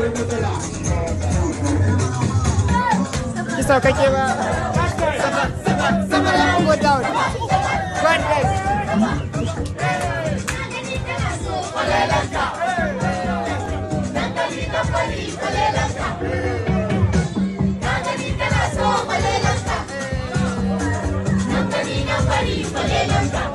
Just so catch up. Somebody, will go down. Run, guys.